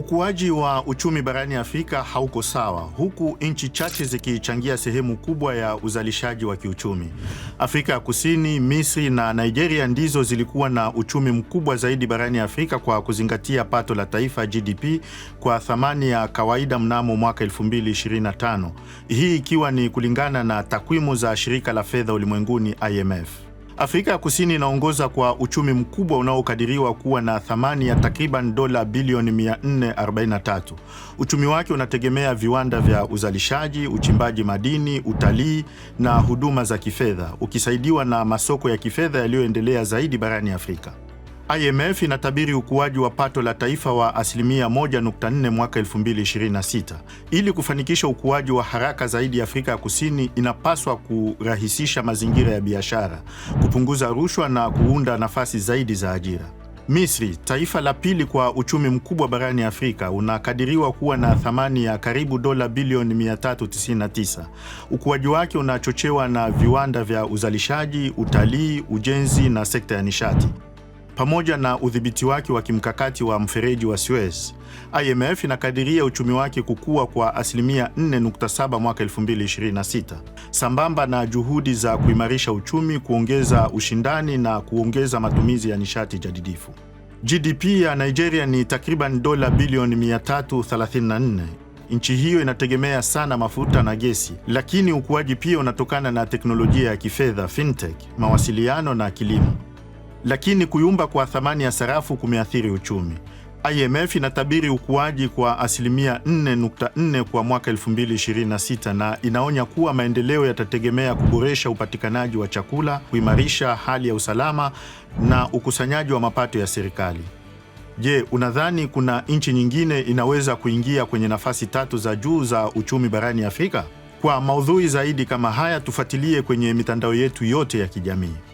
Ukuaji wa uchumi barani Afrika hauko sawa, huku nchi chache zikichangia sehemu kubwa ya uzalishaji wa kiuchumi. Afrika ya Kusini, Misri na Nigeria ndizo zilikuwa na uchumi mkubwa zaidi barani Afrika kwa kuzingatia pato la taifa GDP kwa thamani ya kawaida mnamo mwaka 2025. Hii ikiwa ni kulingana na takwimu za shirika la fedha ulimwenguni IMF. Afrika ya Kusini inaongoza kwa uchumi mkubwa unaokadiriwa kuwa na thamani ya takriban dola bilioni 443. Uchumi wake unategemea viwanda vya uzalishaji, uchimbaji madini, utalii na huduma za kifedha, ukisaidiwa na masoko ya kifedha yaliyoendelea zaidi barani Afrika. IMF inatabiri ukuaji wa pato la taifa wa asilimia 1.4 mwaka 2026. Ili kufanikisha ukuaji wa haraka zaidi, Afrika ya Kusini inapaswa kurahisisha mazingira ya biashara, kupunguza rushwa na kuunda nafasi zaidi za ajira. Misri, taifa la pili kwa uchumi mkubwa barani Afrika, unakadiriwa kuwa na thamani ya karibu dola bilioni 399. Ukuaji wake unachochewa na viwanda vya uzalishaji, utalii, ujenzi na sekta ya nishati pamoja na udhibiti wake wa kimkakati wa mfereji wa Suez, IMF inakadiria uchumi wake kukua kwa asilimia 4.7 mwaka 2026, sambamba na juhudi za kuimarisha uchumi, kuongeza ushindani na kuongeza matumizi ya nishati jadidifu. GDP ya Nigeria ni takriban dola bilioni 334. Nchi hiyo inategemea sana mafuta na gesi, lakini ukuaji pia unatokana na teknolojia ya kifedha, fintech, mawasiliano na kilimo lakini kuyumba kwa thamani ya sarafu kumeathiri uchumi. IMF inatabiri ukuaji kwa asilimia 4.4 kwa mwaka 2026 na inaonya kuwa maendeleo yatategemea kuboresha upatikanaji wa chakula, kuimarisha hali ya usalama na ukusanyaji wa mapato ya serikali. Je, unadhani kuna nchi nyingine inaweza kuingia kwenye nafasi tatu za juu za uchumi barani Afrika? Kwa maudhui zaidi kama haya tufuatilie kwenye mitandao yetu yote ya kijamii.